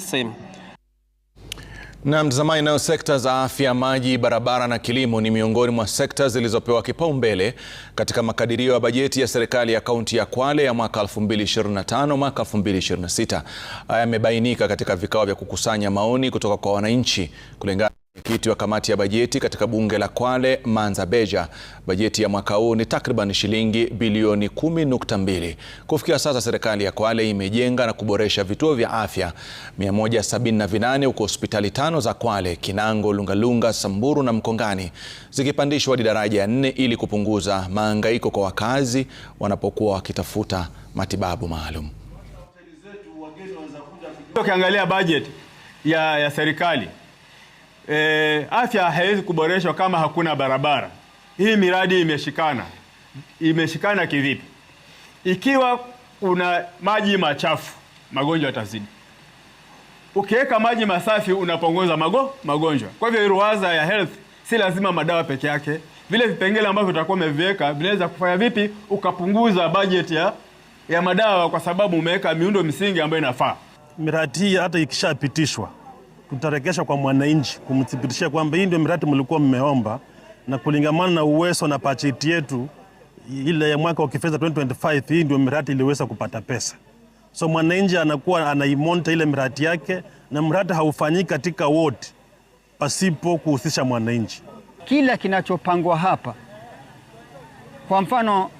the same. Na mtazamaji, nayo sekta za afya, maji, barabara na kilimo ni miongoni mwa sekta zilizopewa kipaumbele katika makadirio ya bajeti ya serikali ya kaunti ya Kwale ya mwaka 2025 mwaka 2026. Haya yamebainika katika vikao vya kukusanya maoni kutoka kwa wananchi kulingana Mwenyekiti wa kamati ya bajeti katika bunge la Kwale, Manza Beja, bajeti ya mwaka huu ni takriban shilingi bilioni 10.2. Kufikia sasa serikali ya Kwale imejenga na kuboresha vituo vya afya 178 huko hospitali tano za Kwale, Kinango, Lungalunga, Samburu na Mkongani zikipandishwa hadi daraja ya nne ili kupunguza mahangaiko kwa wakazi wanapokuwa wakitafuta matibabu maalum. Ukiangalia bajeti ya, ya serikali e, afya haiwezi kuboreshwa kama hakuna barabara. Hii miradi imeshikana, imeshikana kivipi? Ikiwa una maji machafu, magonjwa yatazidi. Ukiweka maji masafi, unapunguza mago magonjwa. Kwa hivyo ruwaza ya health si lazima madawa peke yake, vile vipengele ambavyo utakuwa umeviweka vinaweza kufanya vipi ukapunguza bajeti ya, ya madawa, kwa sababu umeweka miundo msingi ambayo inafaa. Miradi hii hata ikishapitishwa kutarekesha kwa mwananchi kumthibitishia kwamba hii ndio miradi mlikuwa mmeomba, na kulingamana na uwezo na bajeti yetu ile ya mwaka wa kifedha 2025 hii ndio miradi iliweza kupata pesa. So mwananchi anakuwa anaimonta ile miradi yake, na mradi haufanyiki katika wodi pasipo kuhusisha mwananchi. Kila kinachopangwa hapa, kwa mfano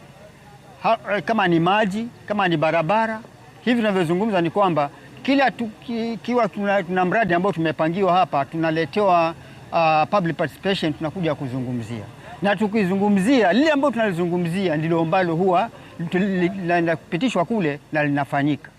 ha, eh, kama ni maji, kama ni barabara, hivi tunavyozungumza ni kwamba kila tukiwa tuna, tuna mradi ambao tumepangiwa hapa tunaletewa uh, public participation, tunakuja kuzungumzia na tukizungumzia lile ambalo tunalizungumzia ndilo ambalo huwa linapitishwa kule na linafanyika.